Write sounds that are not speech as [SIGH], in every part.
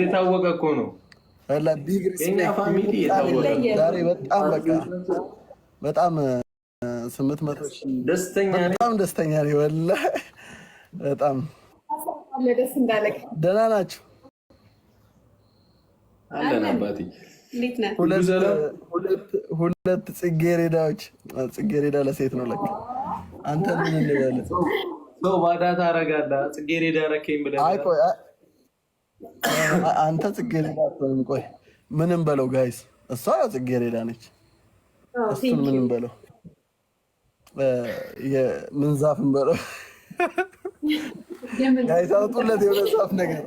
የታወቀ እኮ ነው። በጣም ስምንት መቶ በጣም ደስተኛ ነኝ። ወላሂ በጣም ደህና ናችሁ? ሁለት ጽጌረዳዎች ጽጌረዳ ለሴት ነው። ለካ አንተ ምን እንበል ሰው ባዳ ታረጋለህ። ጽጌረዳ ረከኝ ብለህ አንተ ጽጌረዳ አትሆንም። ቆይ ምንም በለው ጋይስ፣ እሷ ጽጌረዳ ነች። oh, እሱን ምንም በለው ምንዛፍን በለው ጋይስ፣ አውጡለት የሆነ ዛፍ ነገር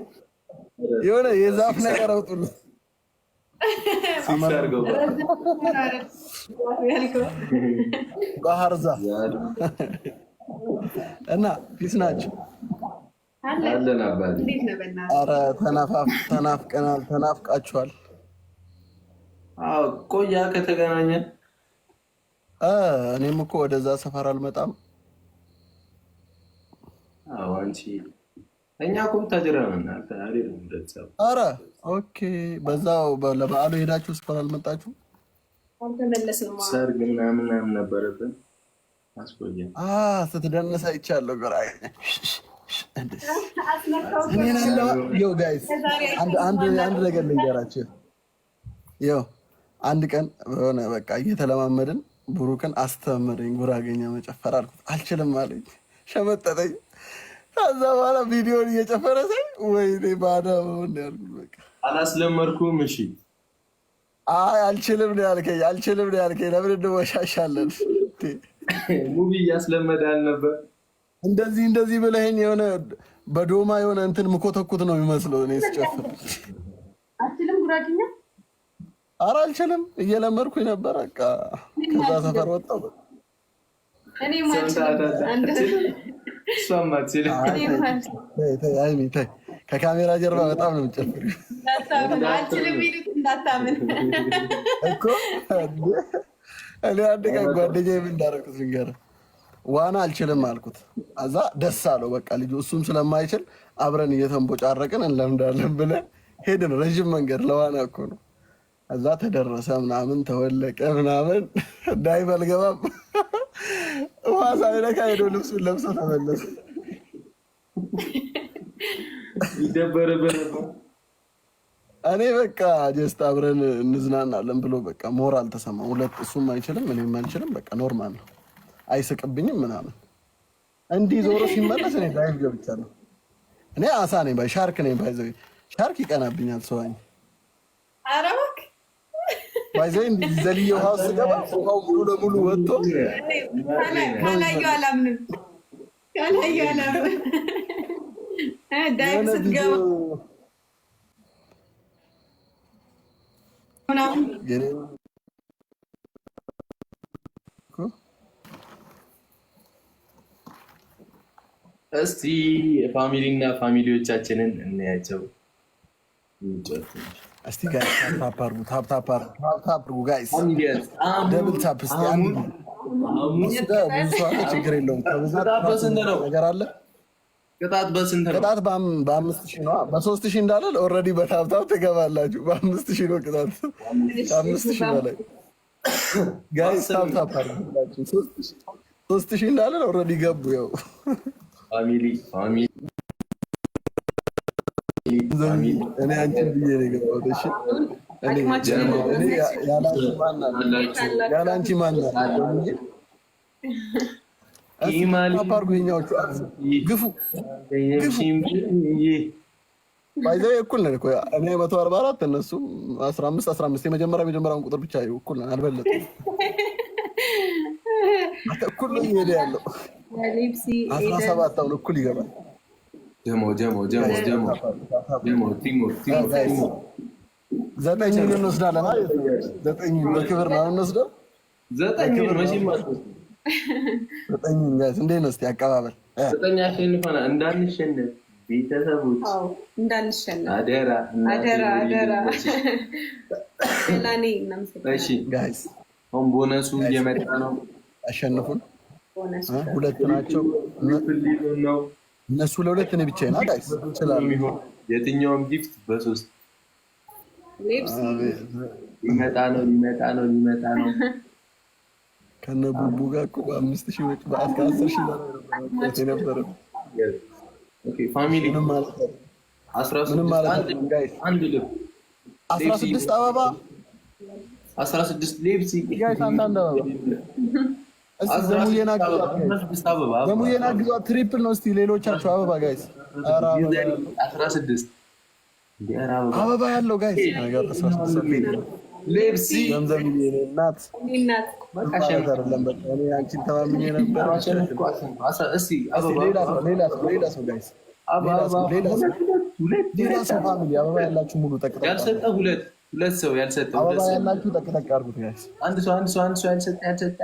የሆነ የዛፍ ነገር አውጡለት። ባህር ዛፍ እና ፊት ናቸው። ተናፍቀናል። ተናፍቃችኋል። ቆያ ከተገናኘን እኔም እኮ ወደዛ ሰፈር አልመጣም። አንቺ እኛ እኮ ብታጅራ ኦኬ። በዛው ለበዓሉ ሄዳችሁ ሰፈር አልመጣችሁ? ሰርግ ምናምን ነበረብን። አስቆየ ስትደንስ አይቻለሁ። ግራ እኔን አለዋ ጋይስ አንድ ነገር ልንገራችሁ። ው አንድ ቀን ሆነ በቃ እየተለማመድን ብሩክን አስተምረኝ ጉራገኛ መጨፈር አልኩት። አልችልም አለኝ፣ ሸመጠጠኝ። ከዛ በኋላ ቪዲዮን እየጨፈረ ሳይ ወይኔ ባዳ በሆን ያልኩት በቃ አላስለመድኩም። እሺ አይ አልችልም ነው ያልከኝ፣ አልችልም ነው ያልከኝ። ለምን እንወሻሻለን? ሙቪ እያስለመደ አልነበር እንደዚህ እንደዚህ ብለህኝ የሆነ በዶማ የሆነ እንትን ምኮተኩት ነው የሚመስለው። እኔ ስጨፍር አልችልም፣ ጉራጌኛ ኧረ አልችልም። እየለመድኩ ነበር። በቃ ከዛ ሰፈር ወጣሁ። ከካሜራ ጀርባ በጣም ነው የምጨፍር እኮ እኔ አንድ ቀን ጓደኛዬ ምን እንዳደረኩት ልንገርህ ዋና አልችልም አልኩት። እዛ ደስ አለው በቃ ልጁ እሱም ስለማይችል አብረን እየተንቦጫረቅን እንለምዳለን ብለን ሄድን። ረዥም መንገድ ለዋና እኮ ነው። እዛ ተደረሰ ምናምን ተወለቀ ምናምን ዳይቭ አልገባም። ውሃ ሳይነካ ሄዶ ልብሱን ለብሶ ተመለሰ። እኔ በቃ ጀስት አብረን እንዝናናለን ብሎ በቃ ሞራል ተሰማ። ሁለት እሱም አይችልም እኔም አልችልም። በቃ ኖርማል ነው። አይስቅብኝም ምናምን እንዲህ ዞሮ ሲመለስ እኔ ዳይቭ ነው። እኔ አሳ ነኝ ባይ ሻርክ ነኝ ባይ ዘ ሻርክ ይቀናብኛል። ሰዋኝ አረባክ ባይ ዘ ዘልየ ውሃ ውስጥ ገባ። ውሃው ሙሉ ለሙሉ ወጥቶ ካላዩ አላምንም፣ ካላዩ አላምንም። ዳይቭ ስትገባ ምናምን እስቲ ፋሚሊና ፋሚሊዎቻችንን እናያቸው። እስቲ ችግር ቅጣት በስንት ነው? ቅጣት በአምስት ሺህ ነው። በሶስት ሺህ እንዳለን ኦልሬዲ በታብታብ ትገባላችሁ። በአምስት ሺህ ነው ቅጣት፣ ከአምስት ሺህ በላይ ጋይስ [COUGHS] ታብታብ ሶስት ሺህ እንዳለን ኦልሬዲ ገቡ ያው ፋሚሊ ፋሚሊ እኔ አንቺን ብዬ ነው የገባሁት። ያለ አንቺ ማናት? አፓርጎኛዎቹ ግፉ ባይዘው እኩል ነን። እኔ መቶ አርባ አራት እነሱ አስራ አምስት አስራ አምስት የመጀመሪያ የመጀመሪያውን ቁጥር ብቻ እኩል ነን። አልበለጥም። [LAUGHS] እኩል ነው እየሄደ ያለው አስራ ሰባት አሁን እኩል ይገባል። ጀሞ ጀሞ ጀሞ ጀሞ ጀሞ ቲሙር ቲሙር ዘጠኝ እንወስዳለን። ዘጠኝ በክብር ነው እንወስደው። ዘጠኝ እንዴት ነው እስኪ አቀባበል ዘጠኝ አሸንፈና እንዳንሸንፍ ቤተሰቦች እንዳንሸንፍ አደራ አደራ አደራ። ሆን ቦነሱ እየመጣ ነው። አሸንፉን ሁለት ናቸው እነሱ ለሁለት እኔ ብቻዬን አዳይስ ይችላል። የትኛውም ጊፍት በሶስት ሊመጣ ነው ሊመጣ ነው ሊመጣ ነው ከነ ቡቡ ጋር እኮ በአምስት ሺህ ወጪ በአስራ አስር ሺህ የነበረ ፋሚሊ ማለት ነው። አስራ ስድስት አበባ አስራ ስድስት ሌብሲ ጋይስ በሙዬን አግዟት። ትሪፕል ነው። እስቲ ሌሎቻችሁ አበባ ጋይስ፣ አበባ ያለው ጋይስ ሁለት ሰው ያልሰጠው አበባ ያላችሁ ጠቅጠቅ አድርጉት። አንድ ሰው አንድ ሰው አንድ ሰው ያልሰጠ ያልሰጠ